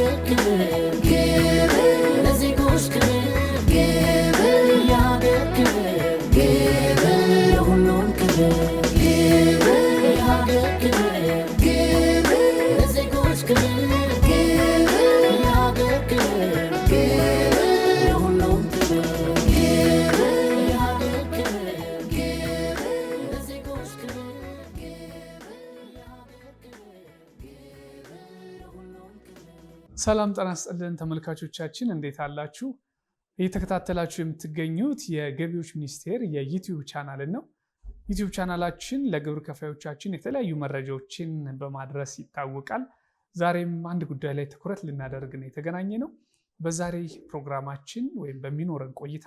Yeah. ሰላም ጤና ይስጥልን ተመልካቾቻችን፣ እንዴት አላችሁ? እየተከታተላችሁ የምትገኙት የገቢዎች ሚኒስቴር የዩቲዩብ ቻናልን ነው። ዩቲዩብ ቻናላችን ለግብር ከፋዮቻችን የተለያዩ መረጃዎችን በማድረስ ይታወቃል። ዛሬም አንድ ጉዳይ ላይ ትኩረት ልናደርግ ነው የተገናኘ ነው። በዛሬ ፕሮግራማችን ወይም በሚኖረን ቆይታ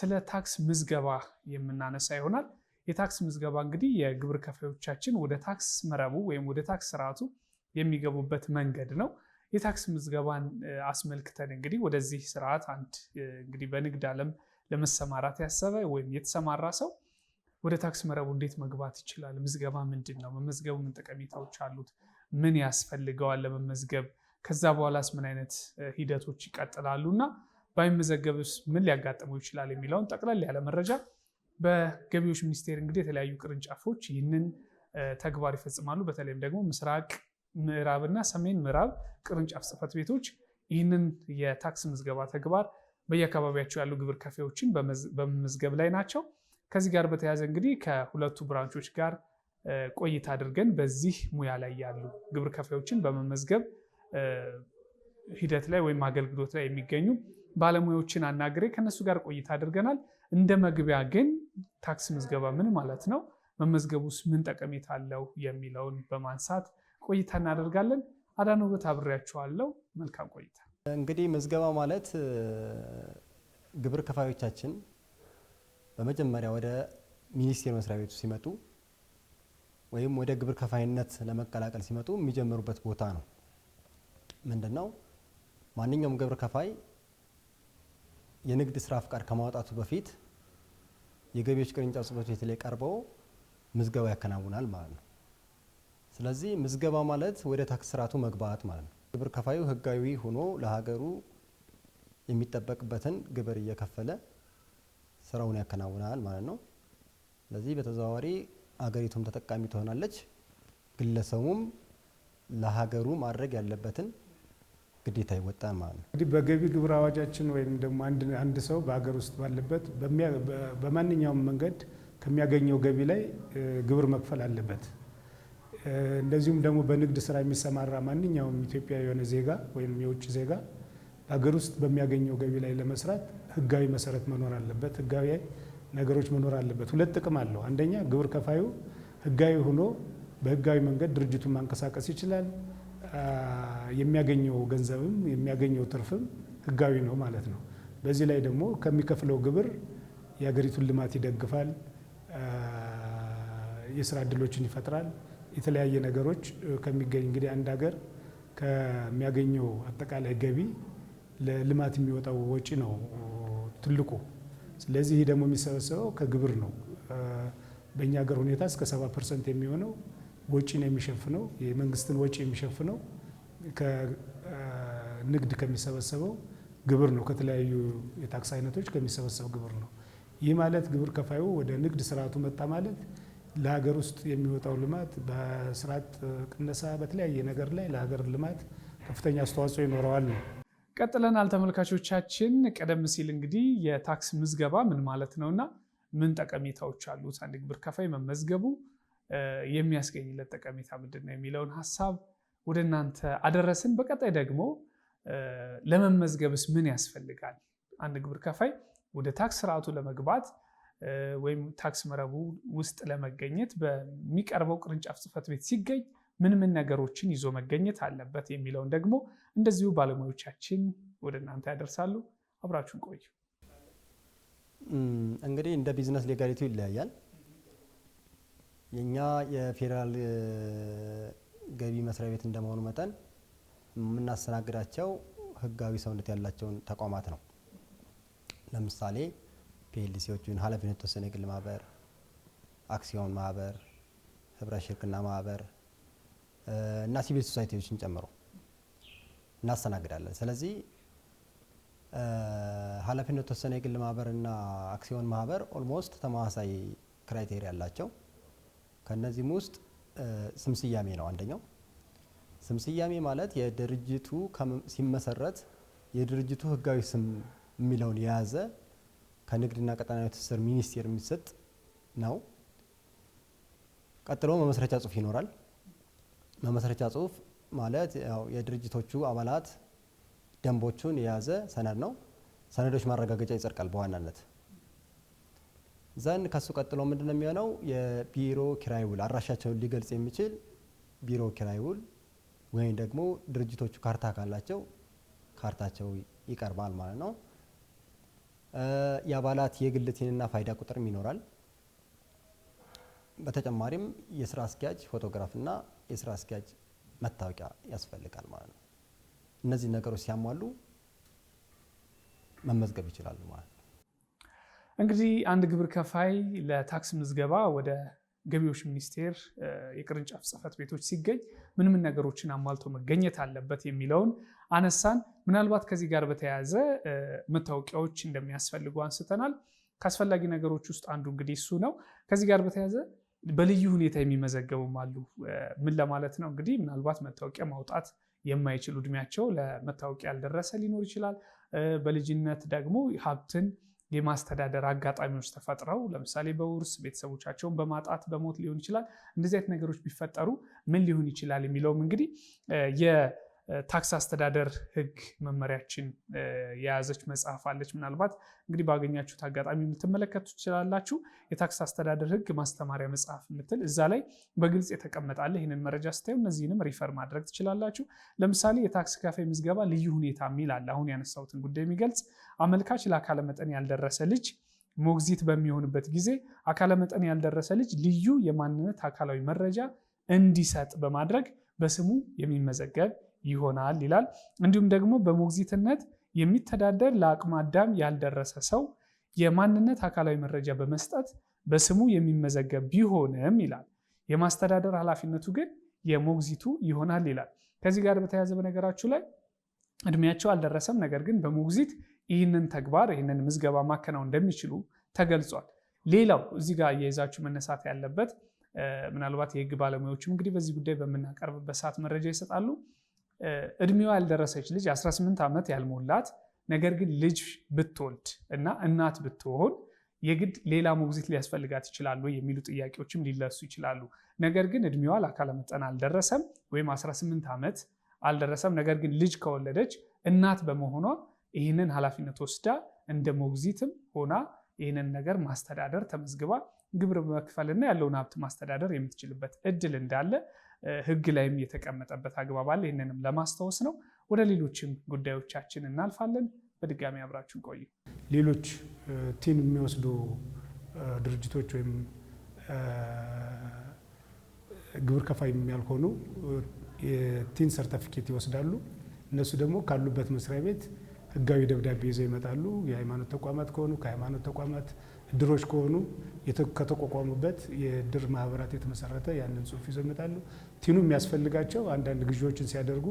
ስለ ታክስ ምዝገባ የምናነሳ ይሆናል። የታክስ ምዝገባ እንግዲህ የግብር ከፋዮቻችን ወደ ታክስ መረቡ ወይም ወደ ታክስ ስርዓቱ የሚገቡበት መንገድ ነው። የታክስ ምዝገባን አስመልክተን እንግዲህ ወደዚህ ስርዓት አንድ እንግዲህ በንግድ ዓለም ለመሰማራት ያሰበ ወይም የተሰማራ ሰው ወደ ታክስ መረቡ እንዴት መግባት ይችላል? ምዝገባ ምንድን ነው? መመዝገቡ ምን ጠቀሜታዎች አሉት? ምን ያስፈልገዋል ለመመዝገብ? ከዛ በኋላስ ምን አይነት ሂደቶች ይቀጥላሉ እና ባይመዘገብስ ምን ሊያጋጥመው ይችላል የሚለውን ጠቅለል ያለ መረጃ በገቢዎች ሚኒስቴር እንግዲህ የተለያዩ ቅርንጫፎች ይህንን ተግባር ይፈጽማሉ። በተለይም ደግሞ ምስራቅ ምዕራብና ሰሜን ምዕራብ ቅርንጫፍ ጽህፈት ቤቶች ይህንን የታክስ ምዝገባ ተግባር በየአካባቢያቸው ያሉ ግብር ከፌዎችን በመመዝገብ ላይ ናቸው። ከዚህ ጋር በተያያዘ እንግዲህ ከሁለቱ ብራንቾች ጋር ቆይታ አድርገን በዚህ ሙያ ላይ ያሉ ግብር ከፋዮችን በመመዝገብ ሂደት ላይ ወይም አገልግሎት ላይ የሚገኙ ባለሙያዎችን አናግሬ ከነሱ ጋር ቆይታ አድርገናል። እንደ መግቢያ ግን ታክስ ምዝገባ ምን ማለት ነው፣ መመዝገቡስ ምን ጠቀሜታ አለው የሚለውን በማንሳት ቆይታ እናደርጋለን። አዳነ ውበት አብሬያችኋለሁ። መልካም ቆይታ። እንግዲህ ምዝገባ ማለት ግብር ከፋዮቻችን በመጀመሪያ ወደ ሚኒስቴር መስሪያ ቤቱ ሲመጡ ወይም ወደ ግብር ከፋይነት ለመቀላቀል ሲመጡ የሚጀምሩበት ቦታ ነው። ምንድን ነው? ማንኛውም ግብር ከፋይ የንግድ ስራ ፍቃድ ከማውጣቱ በፊት የገቢዎች ቅርንጫፍ ጽሕፈት ቤት ላይ ቀርበው ምዝገባ ያከናውናል ማለት ነው። ስለዚህ ምዝገባ ማለት ወደ ታክስ ስርዓቱ መግባት ማለት ነው። ግብር ከፋዩ ህጋዊ ሆኖ ለሀገሩ የሚጠበቅበትን ግብር እየከፈለ ስራውን ያከናውናል ማለት ነው። ስለዚህ በተዘዋዋሪ አገሪቱም ተጠቃሚ ትሆናለች፣ ግለሰቡም ለሀገሩ ማድረግ ያለበትን ግዴታ ይወጣል ማለት ነው። እንግዲህ በገቢ ግብር አዋጃችን ወይም ደግሞ አንድ ሰው በሀገር ውስጥ ባለበት በማንኛውም መንገድ ከሚያገኘው ገቢ ላይ ግብር መክፈል አለበት። እንደዚሁም ደግሞ በንግድ ስራ የሚሰማራ ማንኛውም ኢትዮጵያ የሆነ ዜጋ ወይም የውጭ ዜጋ በሀገር ውስጥ በሚያገኘው ገቢ ላይ ለመስራት ህጋዊ መሰረት መኖር አለበት። ህጋዊ ነገሮች መኖር አለበት። ሁለት ጥቅም አለው። አንደኛ ግብር ከፋዩ ህጋዊ ሆኖ በህጋዊ መንገድ ድርጅቱን ማንቀሳቀስ ይችላል። የሚያገኘው ገንዘብም የሚያገኘው ትርፍም ህጋዊ ነው ማለት ነው። በዚህ ላይ ደግሞ ከሚከፍለው ግብር የሀገሪቱን ልማት ይደግፋል፣ የስራ እድሎችን ይፈጥራል። የተለያየ ነገሮች ከሚገኝ እንግዲህ አንድ ሀገር ከሚያገኘው አጠቃላይ ገቢ ለልማት የሚወጣው ወጪ ነው ትልቁ። ስለዚህ ይህ ደግሞ የሚሰበሰበው ከግብር ነው። በእኛ ሀገር ሁኔታ እስከ ሰባ ፐርሰንት የሚሆነው ወጪ ነው የሚሸፍነው፣ የመንግስትን ወጪ የሚሸፍነው ከንግድ ከሚሰበሰበው ግብር ነው። ከተለያዩ የታክስ አይነቶች ከሚሰበሰበው ግብር ነው። ይህ ማለት ግብር ከፋዩ ወደ ንግድ ስርዓቱ መጣ ማለት ለሀገር ውስጥ የሚወጣው ልማት በስርዓት ቅነሳ በተለያየ ነገር ላይ ለሀገር ልማት ከፍተኛ አስተዋጽኦ ይኖረዋል ነው። ቀጥለናል ተመልካቾቻችን። ቀደም ሲል እንግዲህ የታክስ ምዝገባ ምን ማለት እና ምን ጠቀሜታዎች አሉት፣ አንድ ግብር ከፋይ መመዝገቡ የሚያስገኝለት ጠቀሜታ ምንድን ነው የሚለውን ሀሳብ ወደ እናንተ አደረስን። በቀጣይ ደግሞ ለመመዝገብስ ምን ያስፈልጋል፣ አንድ ግብር ከፋይ ወደ ታክስ ስርዓቱ ለመግባት ወይም ታክስ መረቡ ውስጥ ለመገኘት በሚቀርበው ቅርንጫፍ ጽህፈት ቤት ሲገኝ ምን ምን ነገሮችን ይዞ መገኘት አለበት የሚለውን ደግሞ እንደዚሁ ባለሙያዎቻችን ወደ እናንተ ያደርሳሉ። አብራችሁን ቆዩ። እንግዲህ እንደ ቢዝነስ ሌጋሊቱ ይለያያል። የእኛ የፌዴራል ገቢ መስሪያ ቤት እንደመሆኑ መጠን የምናስተናግዳቸው ህጋዊ ሰውነት ያላቸውን ተቋማት ነው። ለምሳሌ ፒኤልሲዎቹን ኃላፊነት የተወሰነ የግል ማህበር፣ አክሲዮን ማህበር፣ ህብረት ሽርክና ማህበር እና ሲቪል ሶሳይቲዎችን ጨምሮ እናስተናግዳለን። ስለዚህ ኃላፊነት የተወሰነ የግል ማህበር አክሲዮን ማህበር ኦልሞስት ተመሳሳይ ክራይቴሪያ አላቸው። ከእነዚህም ውስጥ ስም ስያሜ ነው አንደኛው። ስም ስያሜ ማለት የድርጅቱ ሲመሰረት የድርጅቱ ህጋዊ ስም የሚለውን የያዘ ከንግድና ቀጣናዊ ትስስር ሚኒስቴር የሚሰጥ ነው። ቀጥሎ መመስረቻ ጽሁፍ ይኖራል። መመስረቻ ጽሁፍ ማለት ያው የድርጅቶቹ አባላት ደንቦቹን የያዘ ሰነድ ነው። ሰነዶች ማረጋገጫ ይጸድቃል በዋናነት ዘንድ ከሱ ቀጥሎ ምንድን ነው የሚሆነው? የቢሮ ኪራይ ውል አድራሻቸውን ሊገልጽ የሚችል ቢሮ ኪራይ ውል ወይም ደግሞ ድርጅቶቹ ካርታ ካላቸው ካርታቸው ይቀርባል ማለት ነው። የአባላት የግል ቲንና ፋይዳ ቁጥርም ይኖራል። በተጨማሪም የስራ አስኪያጅ ፎቶግራፍና የስራ አስኪያጅ መታወቂያ ያስፈልጋል ማለት ነው። እነዚህ ነገሮች ሲያሟሉ መመዝገብ ይችላሉ ማለት ነው። እንግዲህ አንድ ግብር ከፋይ ለታክስ ምዝገባ ወደ ገቢዎች ሚኒስቴር የቅርንጫፍ ጽህፈት ቤቶች ሲገኝ ምን ምን ነገሮችን አሟልቶ መገኘት አለበት የሚለውን አነሳን። ምናልባት ከዚህ ጋር በተያያዘ መታወቂያዎች እንደሚያስፈልጉ አንስተናል። ከአስፈላጊ ነገሮች ውስጥ አንዱ እንግዲህ እሱ ነው። ከዚህ ጋር በተያያዘ በልዩ ሁኔታ የሚመዘገቡም አሉ። ምን ለማለት ነው እንግዲህ ምናልባት መታወቂያ ማውጣት የማይችሉ እድሜያቸው ለመታወቂያ ያልደረሰ ሊኖር ይችላል። በልጅነት ደግሞ ሀብትን የማስተዳደር አጋጣሚዎች ተፈጥረው ለምሳሌ በውርስ ቤተሰቦቻቸውን በማጣት በሞት ሊሆን ይችላል። እንደዚህ አይነት ነገሮች ቢፈጠሩ ምን ሊሆን ይችላል የሚለውም እንግዲህ ታክስ አስተዳደር ህግ መመሪያችን የያዘች መጽሐፍ አለች። ምናልባት እንግዲህ ባገኛችሁት አጋጣሚ የምትመለከቱ ትችላላችሁ። የታክስ አስተዳደር ህግ ማስተማሪያ መጽሐፍ የምትል እዛ ላይ በግልጽ የተቀመጣለ። ይህንን መረጃ ስታዩ እነዚህንም ሪፈር ማድረግ ትችላላችሁ። ለምሳሌ የታክስ ከፋይ ምዝገባ ልዩ ሁኔታ የሚል አለ። አሁን ያነሳሁትን ጉዳይ የሚገልጽ አመልካች ለአካለ መጠን ያልደረሰ ልጅ ሞግዚት በሚሆንበት ጊዜ አካለ መጠን ያልደረሰ ልጅ ልዩ የማንነት አካላዊ መረጃ እንዲሰጥ በማድረግ በስሙ የሚመዘገብ ይሆናል ይላል። እንዲሁም ደግሞ በሞግዚትነት የሚተዳደር ለአቅመ አዳም ያልደረሰ ሰው የማንነት አካላዊ መረጃ በመስጠት በስሙ የሚመዘገብ ቢሆንም ይላል የማስተዳደር ኃላፊነቱ ግን የሞግዚቱ ይሆናል ይላል። ከዚህ ጋር በተያያዘ በነገራችሁ ላይ እድሜያቸው አልደረሰም፣ ነገር ግን በሞግዚት ይህንን ተግባር ይህንን ምዝገባ ማከናወን እንደሚችሉ ተገልጿል። ሌላው እዚህ ጋር እየያዛችሁ መነሳት ያለበት ምናልባት የህግ ባለሙያዎችም እንግዲህ በዚህ ጉዳይ በምናቀርብበት ሰዓት መረጃ ይሰጣሉ። እድሜዋ ያልደረሰች ልጅ 18 ዓመት ያልሞላት ነገር ግን ልጅ ብትወልድ እና እናት ብትሆን የግድ ሌላ ሞግዚት ሊያስፈልጋት ይችላሉ የሚሉ ጥያቄዎችም ሊለሱ ይችላሉ። ነገር ግን እድሜዋ ለአካለ መጠን አልደረሰም ወይም 18 ዓመት አልደረሰም። ነገር ግን ልጅ ከወለደች እናት በመሆኗ ይህንን ኃላፊነት ወስዳ እንደ ሞግዚትም ሆና ይህንን ነገር ማስተዳደር ተመዝግባ ግብር በመክፈልና ያለውን ሀብት ማስተዳደር የምትችልበት እድል እንዳለ ህግ ላይም የተቀመጠበት አግባብ አለ። ይህንንም ለማስታወስ ነው። ወደ ሌሎችም ጉዳዮቻችን እናልፋለን። በድጋሚ አብራችሁ ቆዩ። ሌሎች ቲን የሚወስዱ ድርጅቶች ወይም ግብር ከፋይ የሚያልሆኑ የቲን ሰርተፊኬት ይወስዳሉ። እነሱ ደግሞ ካሉበት መስሪያ ቤት ህጋዊ ደብዳቤ ይዘው ይመጣሉ። የሃይማኖት ተቋማት ከሆኑ ከሃይማኖት ተቋማት እድሮች ከሆኑ ከተቋቋሙበት የእድር ማህበራት የተመሰረተ ያንን ጽሁፍ ይዘው ይመጣሉ። ቲኑ የሚያስፈልጋቸው አንዳንድ ግዢዎችን ሲያደርጉ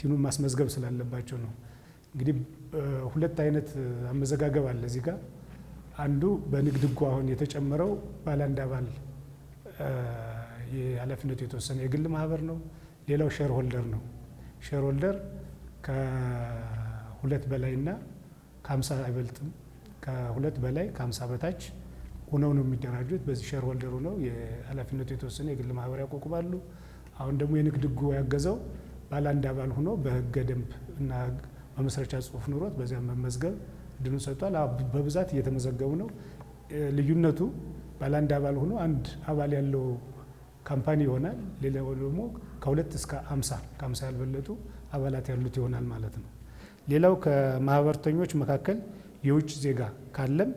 ቲኑን ማስመዝገብ ስላለባቸው ነው። እንግዲህ ሁለት አይነት አመዘጋገብ አለ እዚህ ጋር። አንዱ በንግድ ህጉ አሁን የተጨመረው ባለ አንድ አባል የኃላፊነቱ የተወሰነ የግል ማህበር ነው። ሌላው ሼር ሆልደር ነው። ሼር ሆልደር ከሁለት በላይና ከሀምሳ አይበልጥም ከሁለት በላይ ከሀምሳ በታች ሆነው ነው የሚደራጁት። በዚህ ሼር ሆልደሩ ነው የኃላፊነቱ የተወሰነ የግል ማህበር ያቋቁማሉ። አሁን ደግሞ የንግድ ህጉ ያገዘው ባለ አንድ አባል ሆኖ በህገ ደንብ እና መመስረቻ ጽሁፍ ኑሮት በዚያ መመዝገብ ድኑ ሰጥቷል። በብዛት እየተመዘገቡ ነው። ልዩነቱ ባለ አንድ አባል ሆኖ አንድ አባል ያለው ካምፓኒ ይሆናል። ሌላው ደግሞ ከሁለት እስከ አምሳ ከአምሳ ያልበለጡ አባላት ያሉት ይሆናል ማለት ነው። ሌላው ከማህበርተኞች መካከል የውጭ ዜጋ ካለም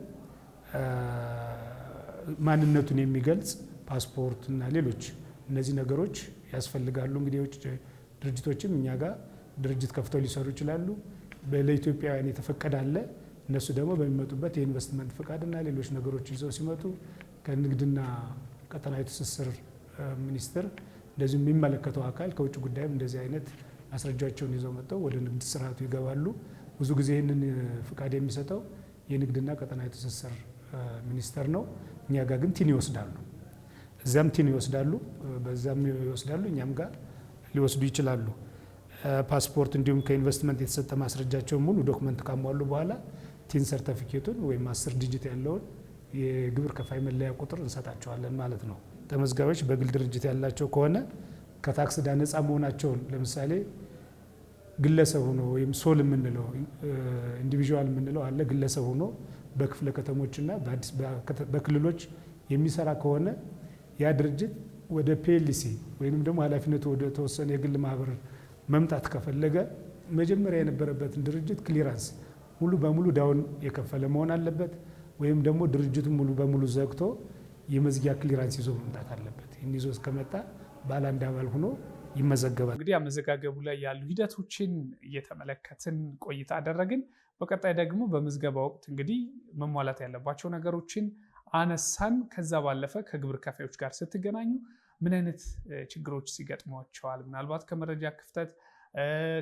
ማንነቱን የሚገልጽ ፓስፖርት እና ሌሎች እነዚህ ነገሮች ያስፈልጋሉ። እንግዲህ የውጭ ድርጅቶችም እኛ ጋር ድርጅት ከፍተው ሊሰሩ ይችላሉ። ለኢትዮጵያውያን የተፈቀደ አለ። እነሱ ደግሞ በሚመጡበት የኢንቨስትመንት ፍቃድና ሌሎች ነገሮች ይዘው ሲመጡ ከንግድና ቀጠናዊ ትስስር ሚኒስቴር እንደዚሁም የሚመለከተው አካል ከውጭ ጉዳይም እንደዚህ አይነት ማስረጃቸውን ይዘው መጥተው ወደ ንግድ ስርዓቱ ይገባሉ። ብዙ ጊዜ ይህንን ፍቃድ የሚሰጠው የንግድና ቀጠናዊ ትስስር ሚኒስቴር ነው። እኛ ጋር ግን ቲን ይወስዳሉ፣ እዚያም ቲን ይወስዳሉ፣ በዛም ይወስዳሉ፣ እኛም ጋር ሊወስዱ ይችላሉ። ፓስፖርት እንዲሁም ከኢንቨስትመንት የተሰጠ ማስረጃቸውን ሙሉ ዶክመንት ካሟሉ በኋላ ቲን ሰርተፊኬቱን ወይም አስር ዲጂት ያለውን የግብር ከፋይ መለያ ቁጥር እንሰጣቸዋለን ማለት ነው። ተመዝጋቢዎች በግል ድርጅት ያላቸው ከሆነ ከታክስ ዕዳ ነፃ መሆናቸውን ለምሳሌ ግለሰብ ሆኖ ወይም ሶል የምንለው ኢንዲቪዥዋል የምንለው አለ። ግለሰብ ሆኖ በክፍለ ከተሞችና በክልሎች የሚሰራ ከሆነ ያ ድርጅት ወደ ፒኤልሲ ወይም ደግሞ ኃላፊነቱ ወደ ተወሰነ የግል ማህበር መምጣት ከፈለገ መጀመሪያ የነበረበትን ድርጅት ክሊራንስ ሙሉ በሙሉ ዳውን የከፈለ መሆን አለበት። ወይም ደግሞ ድርጅቱ ሙሉ በሙሉ ዘግቶ የመዝጊያ ክሊራንስ ይዞ መምጣት አለበት። ይህን ይዞ እስከመጣ ባለ አንድ አባል ሆኖ ይመዘገባል። እንግዲህ አመዘጋገቡ ላይ ያሉ ሂደቶችን እየተመለከትን ቆይታ አደረግን። በቀጣይ ደግሞ በምዝገባ ወቅት እንግዲህ መሟላት ያለባቸው ነገሮችን አነሳን። ከዛ ባለፈ ከግብር ከፋዮች ጋር ስትገናኙ ምን አይነት ችግሮች ሲገጥሟቸዋል፣ ምናልባት ከመረጃ ክፍተት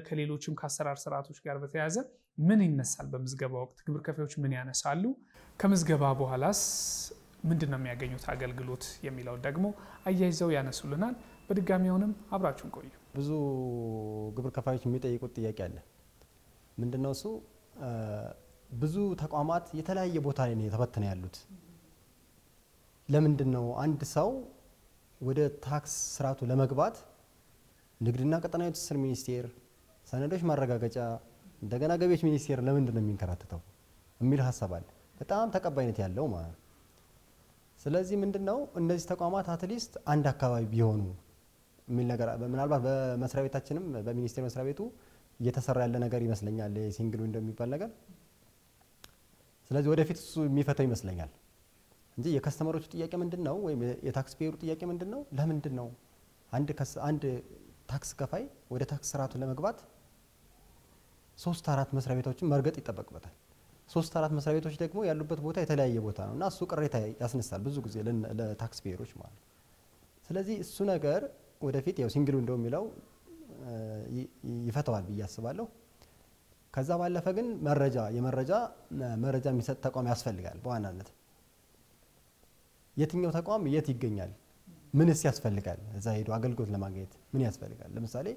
ከሌሎችም ከአሰራር ስርዓቶች ጋር በተያያዘ ምን ይነሳል? በምዝገባ ወቅት ግብር ከፋዮች ምን ያነሳሉ? ከምዝገባ በኋላስ ምንድን ነው የሚያገኙት አገልግሎት የሚለውን ደግሞ አያይዘው ያነሱልናል። በድጋሚ አሁንም አብራችሁን ቆዩ። ብዙ ግብር ከፋዮች የሚጠይቁት ጥያቄ አለ። ምንድነው እሱ? ብዙ ተቋማት የተለያየ ቦታ ላይ ነው የተበተነ ያሉት። ለምንድን ነው አንድ ሰው ወደ ታክስ ስርዓቱ ለመግባት ንግድና ቀጠናዊ ትስስር ሚኒስቴር፣ ሰነዶች ማረጋገጫ፣ እንደገና ገቢዎች ሚኒስቴር ለምንድን ነው የሚንከራተተው የሚል ሀሳብ አለ። በጣም ተቀባይነት ያለው ማለት ነው። ስለዚህ ምንድን ነው እነዚህ ተቋማት አትሊስት አንድ አካባቢ ቢሆኑ የሚል ነገር ምናልባት በመስሪያ ቤታችንም በሚኒስቴር መስሪያ ቤቱ እየተሰራ ያለ ነገር ይመስለኛል ሲንግል ዊንዶ የሚባል ነገር። ስለዚህ ወደፊት እሱ የሚፈተው ይመስለኛል እንጂ የከስተመሮቹ ጥያቄ ምንድን ነው ወይም የታክስ ፔሩ ጥያቄ ምንድን ነው? ለምንድን ነው አንድ ታክስ ከፋይ ወደ ታክስ ስርዓቱ ለመግባት ሶስት አራት መስሪያ ቤቶችን መርገጥ ይጠበቅበታል። ሶስት አራት መስሪያ ቤቶች ደግሞ ያሉበት ቦታ የተለያየ ቦታ ነው እና እሱ ቅሬታ ያስነሳል ብዙ ጊዜ ለታክስ ፔሮች ማለት ነው። ስለዚህ እሱ ነገር ወደፊት ያው ሲንግሉ እንደው የሚለው ይፈተዋል ብዬ አስባለሁ። ከዛ ባለፈ ግን መረጃ የመረጃ መረጃ የሚሰጥ ተቋም ያስፈልጋል። በዋናነት የትኛው ተቋም የት ይገኛል፣ ምንስ ያስፈልጋል፣ እዛ ሄዶ አገልግሎት ለማግኘት ምን ያስፈልጋል? ለምሳሌ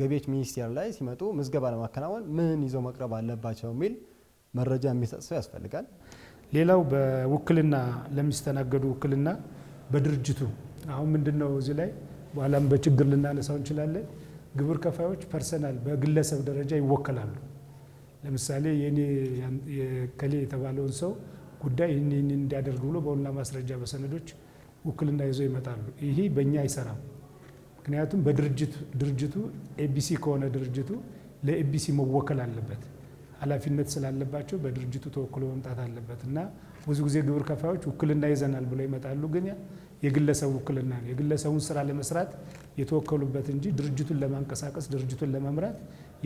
ገቢዎች ሚኒስቴር ላይ ሲመጡ ምዝገባ ለማከናወን ምን ይዘው መቅረብ አለባቸው የሚል መረጃ የሚሰጥ ሰው ያስፈልጋል። ሌላው በውክልና ለሚስተናገዱ ውክልና በድርጅቱ አሁን ምንድን ነው እዚህ ላይ በኋላም በችግር ልናነሳው እንችላለን። ግብር ከፋዮች ፐርሰናል በግለሰብ ደረጃ ይወከላሉ። ለምሳሌ የኔ የከሌ የተባለውን ሰው ጉዳይ ይህን ይህን እንዲያደርግ ብሎ በሁላ ማስረጃ በሰነዶች ውክልና ይዞ ይመጣሉ። ይሄ በእኛ አይሰራም። ምክንያቱም በድርጅቱ ድርጅቱ ኤቢሲ ከሆነ ድርጅቱ ለኤቢሲ መወከል አለበት። ኃላፊነት ስላለባቸው በድርጅቱ ተወክሎ መምጣት አለበት እና ብዙ ጊዜ ግብር ከፋዮች ውክልና ይዘናል ብለው ይመጣሉ ግን የግለሰብ ውክልና ነው። የግለሰቡን ስራ ለመስራት የተወከሉበት እንጂ ድርጅቱን ለማንቀሳቀስ ድርጅቱን ለመምራት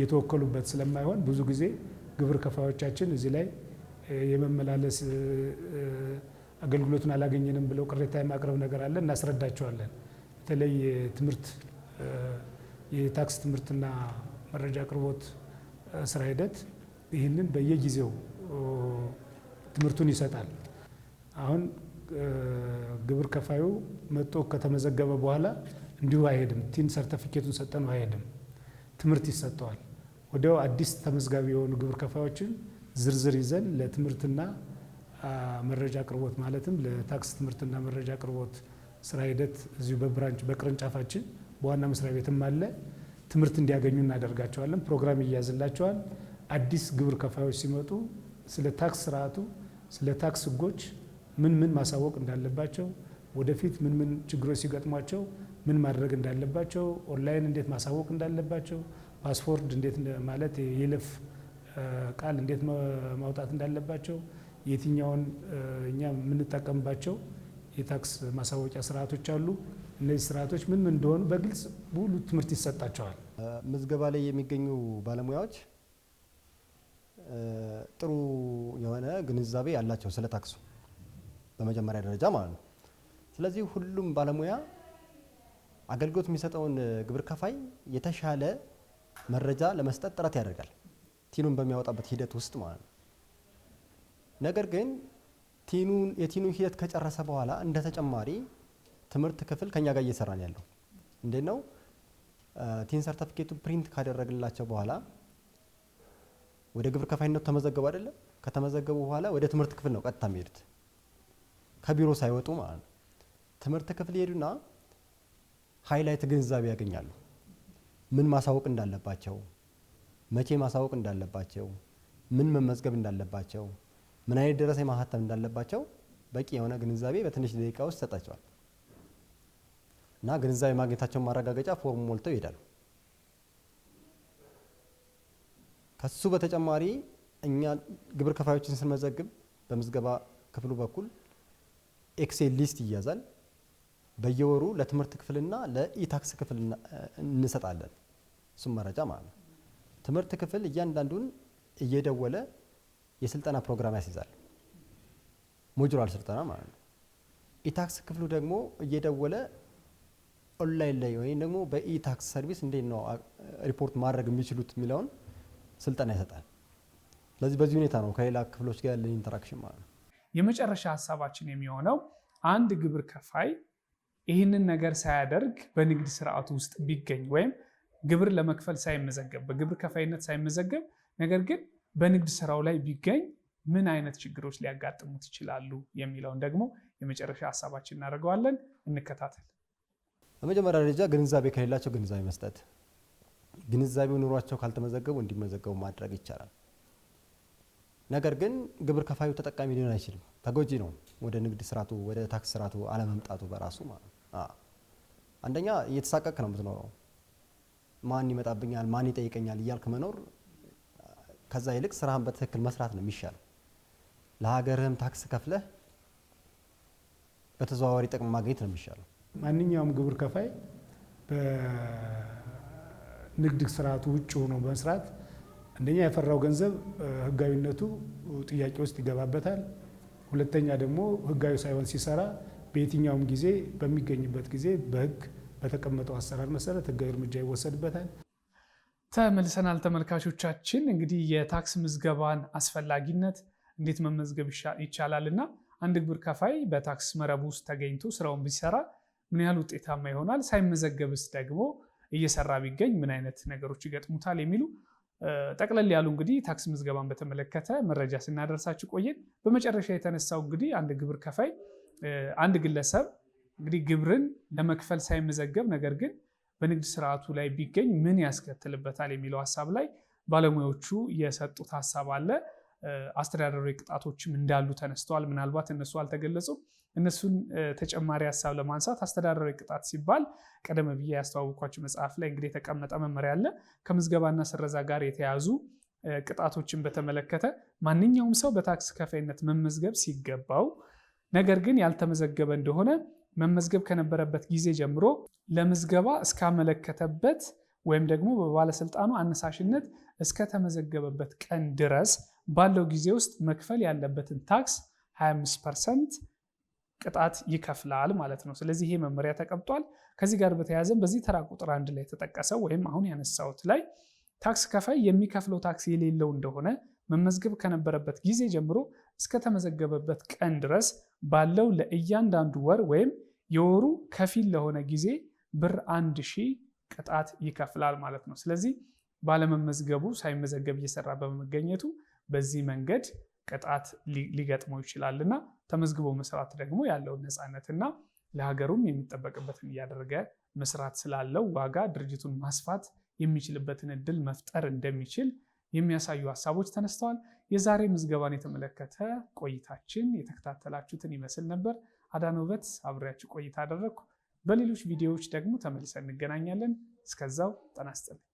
የተወከሉበት ስለማይሆን ብዙ ጊዜ ግብር ከፋዮቻችን እዚህ ላይ የመመላለስ አገልግሎቱን አላገኘንም ብለው ቅሬታ የማቅረብ ነገር አለ። እናስረዳቸዋለን። በተለይ የትምህርት የታክስ ትምህርትና መረጃ አቅርቦት ስራ ሂደት ይህንን በየጊዜው ትምህርቱን ይሰጣል አሁን ግብር ከፋዩ መጥቶ ከተመዘገበ በኋላ እንዲሁ አይሄድም። ቲን ሰርተፊኬቱን ሰጠን አይሄድም። ትምህርት ይሰጠዋል። ወዲያው አዲስ ተመዝጋቢ የሆኑ ግብር ከፋዮችን ዝርዝር ይዘን ለትምህርትና መረጃ አቅርቦት ማለትም ለታክስ ትምህርትና መረጃ አቅርቦት ስራ ሂደት እዚሁ በብራንች በቅርንጫፋችን በዋና መስሪያ ቤትም አለ ትምህርት እንዲያገኙ እናደርጋቸዋለን። ፕሮግራም ይያዝላቸዋል። አዲስ ግብር ከፋዮች ሲመጡ ስለ ታክስ ስርዓቱ፣ ስለ ታክስ ህጎች ምን ምን ማሳወቅ እንዳለባቸው፣ ወደፊት ምን ምን ችግሮች ሲገጥሟቸው ምን ማድረግ እንዳለባቸው፣ ኦንላይን እንዴት ማሳወቅ እንዳለባቸው፣ ፓስፖርት እንዴት ማለት የይለፍ ቃል እንዴት ማውጣት እንዳለባቸው፣ የትኛውን እኛ የምንጠቀምባቸው የታክስ ማሳወቂያ ስርዓቶች አሉ። እነዚህ ስርዓቶች ምን ምን እንደሆኑ በግልጽ ሙሉ ትምህርት ይሰጣቸዋል። ምዝገባ ላይ የሚገኙ ባለሙያዎች ጥሩ የሆነ ግንዛቤ ያላቸው ስለ ታክሱ በመጀመሪያ ደረጃ ማለት ነው። ስለዚህ ሁሉም ባለሙያ አገልግሎት የሚሰጠውን ግብር ከፋይ የተሻለ መረጃ ለመስጠት ጥረት ያደርጋል ቲኑን በሚያወጣበት ሂደት ውስጥ ማለት ነው። ነገር ግን የቲኑን ሂደት ከጨረሰ በኋላ እንደ ተጨማሪ ትምህርት ክፍል ከኛ ጋር እየሰራን ያለው እንዴት ነው? ቲን ሰርተፊኬቱ ፕሪንት ካደረግላቸው በኋላ ወደ ግብር ከፋይነቱ ተመዘገቡ አይደለም ከተመዘገቡ በኋላ ወደ ትምህርት ክፍል ነው ቀጥታ የሚሄዱት። ከቢሮ ሳይወጡ ማለት ነው። ትምህርት ክፍል ይሄዱና ሃይላይት ግንዛቤ ያገኛሉ። ምን ማሳወቅ እንዳለባቸው፣ መቼ ማሳወቅ እንዳለባቸው፣ ምን መመዝገብ እንዳለባቸው፣ ምን አይነት ደረሰኝ ማህተም እንዳለባቸው በቂ የሆነ ግንዛቤ በትንሽ ደቂቃ ውስጥ ይሰጣቸዋል እና ግንዛቤ ማግኘታቸውን ማረጋገጫ ፎርም ሞልተው ይሄዳሉ። ከሱ በተጨማሪ እኛ ግብር ከፋዮችን ስንመዘግብ በምዝገባ ክፍሉ በኩል ኤክሴል ሊስት ይያዛል። በየወሩ ለትምህርት ክፍልና ለኢታክስ ክፍል እንሰጣለን። እሱም መረጃ ማለት ነው። ትምህርት ክፍል እያንዳንዱን እየደወለ የስልጠና ፕሮግራም ያስይዛል። ሞጁራል ስልጠና ማለት ነው። ኢታክስ ክፍሉ ደግሞ እየደወለ ኦንላይን ላይ ወይም ደግሞ በኢታክስ ሰርቪስ እንዴት ነው ሪፖርት ማድረግ የሚችሉት የሚለውን ስልጠና ይሰጣል። ስለዚህ በዚህ ሁኔታ ነው ከሌላ ክፍሎች ጋር ያለን ኢንተራክሽን ማለት ነው። የመጨረሻ ሀሳባችን የሚሆነው አንድ ግብር ከፋይ ይህንን ነገር ሳያደርግ በንግድ ስርዓቱ ውስጥ ቢገኝ ወይም ግብር ለመክፈል ሳይመዘገብ በግብር ከፋይነት ሳይመዘገብ ነገር ግን በንግድ ስራው ላይ ቢገኝ ምን አይነት ችግሮች ሊያጋጥሙት ይችላሉ የሚለውን ደግሞ የመጨረሻ ሀሳባችን እናደርገዋለን። እንከታተል። በመጀመሪያ ደረጃ ግንዛቤ ከሌላቸው ግንዛቤ መስጠት፣ ግንዛቤው ኑሯቸው ካልተመዘገቡ እንዲመዘገቡ ማድረግ ይቻላል። ነገር ግን ግብር ከፋዩ ተጠቃሚ ሊሆን አይችልም። ተጎጂ ነው፣ ወደ ንግድ ስርዓቱ ወደ ታክስ ስርዓቱ አለመምጣቱ በራሱ ማለት አንደኛ እየተሳቀቅ ነው የምትኖረው። ማን ይመጣብኛል፣ ማን ይጠይቀኛል እያልክ መኖር ከዛ ይልቅ ስራህን በትክክል መስራት ነው የሚሻለው። ለሀገርህም ታክስ ከፍለህ በተዘዋዋሪ ጥቅም ማግኘት ነው የሚሻለው። ማንኛውም ግብር ከፋይ በንግድ ስርዓቱ ውጭ ሆኖ በመስራት? አንደኛ የፈራው ገንዘብ ህጋዊነቱ ጥያቄ ውስጥ ይገባበታል። ሁለተኛ ደግሞ ህጋዊ ሳይሆን ሲሰራ በየትኛውም ጊዜ በሚገኝበት ጊዜ በህግ በተቀመጠው አሰራር መሰረት ህጋዊ እርምጃ ይወሰድበታል። ተመልሰናል ተመልካቾቻችን። እንግዲህ የታክስ ምዝገባን አስፈላጊነት እንዴት መመዝገብ ይቻላል እና አንድ ግብር ከፋይ በታክስ መረቡ ውስጥ ተገኝቶ ስራውን ቢሰራ ምን ያህል ውጤታማ ይሆናል፣ ሳይመዘገብስ ደግሞ እየሰራ ቢገኝ ምን አይነት ነገሮች ይገጥሙታል የሚሉ ጠቅለል ያሉ እንግዲህ ታክስ ምዝገባን በተመለከተ መረጃ ስናደርሳችሁ ቆየን። በመጨረሻ የተነሳው እንግዲህ አንድ ግብር ከፋይ አንድ ግለሰብ እንግዲህ ግብርን ለመክፈል ሳይመዘገብ ነገር ግን በንግድ ስርዓቱ ላይ ቢገኝ ምን ያስከትልበታል የሚለው ሀሳብ ላይ ባለሙያዎቹ የሰጡት ሀሳብ አለ። አስተዳደራዊ ቅጣቶችም እንዳሉ ተነስተዋል። ምናልባት እነሱ አልተገለጹም። እነሱን ተጨማሪ ሀሳብ ለማንሳት አስተዳደራዊ ቅጣት ሲባል ቀደም ብዬ ያስተዋወኳቸው መጽሐፍ ላይ እንግዲህ የተቀመጠ መመሪያ አለ። ከምዝገባና ስረዛ ጋር የተያዙ ቅጣቶችን በተመለከተ ማንኛውም ሰው በታክስ ከፋይነት መመዝገብ ሲገባው ነገር ግን ያልተመዘገበ እንደሆነ መመዝገብ ከነበረበት ጊዜ ጀምሮ ለምዝገባ እስካመለከተበት ወይም ደግሞ በባለስልጣኑ አነሳሽነት እስከተመዘገበበት ቀን ድረስ ባለው ጊዜ ውስጥ መክፈል ያለበትን ታክስ 25 ፐርሰንት ቅጣት ይከፍላል ማለት ነው። ስለዚህ ይሄ መመሪያ ተቀምጧል። ከዚህ ጋር በተያያዘ በዚህ ተራ ቁጥር አንድ ላይ የተጠቀሰው ወይም አሁን ያነሳሁት ላይ ታክስ ከፋይ የሚከፍለው ታክስ የሌለው እንደሆነ መመዝገብ ከነበረበት ጊዜ ጀምሮ እስከተመዘገበበት ቀን ድረስ ባለው ለእያንዳንዱ ወር ወይም የወሩ ከፊል ለሆነ ጊዜ ብር አንድ ሺህ ቅጣት ይከፍላል ማለት ነው። ስለዚህ ባለመመዝገቡ ሳይመዘገብ እየሰራ በመገኘቱ በዚህ መንገድ ቅጣት ሊገጥመው ይችላል እና ተመዝግቦ መስራት ደግሞ ያለውን ነፃነትና ለሀገሩም የሚጠበቅበትን እያደረገ መስራት ስላለው ዋጋ ድርጅቱን ማስፋት የሚችልበትን እድል መፍጠር እንደሚችል የሚያሳዩ ሀሳቦች ተነስተዋል። የዛሬ ምዝገባን የተመለከተ ቆይታችን የተከታተላችሁትን ይመስል ነበር። አዳነ ውበት አብሬያችሁ ቆይታ አደረግኩ። በሌሎች ቪዲዮዎች ደግሞ ተመልሰን እንገናኛለን። እስከዛው ጤና ይስጥልኝ።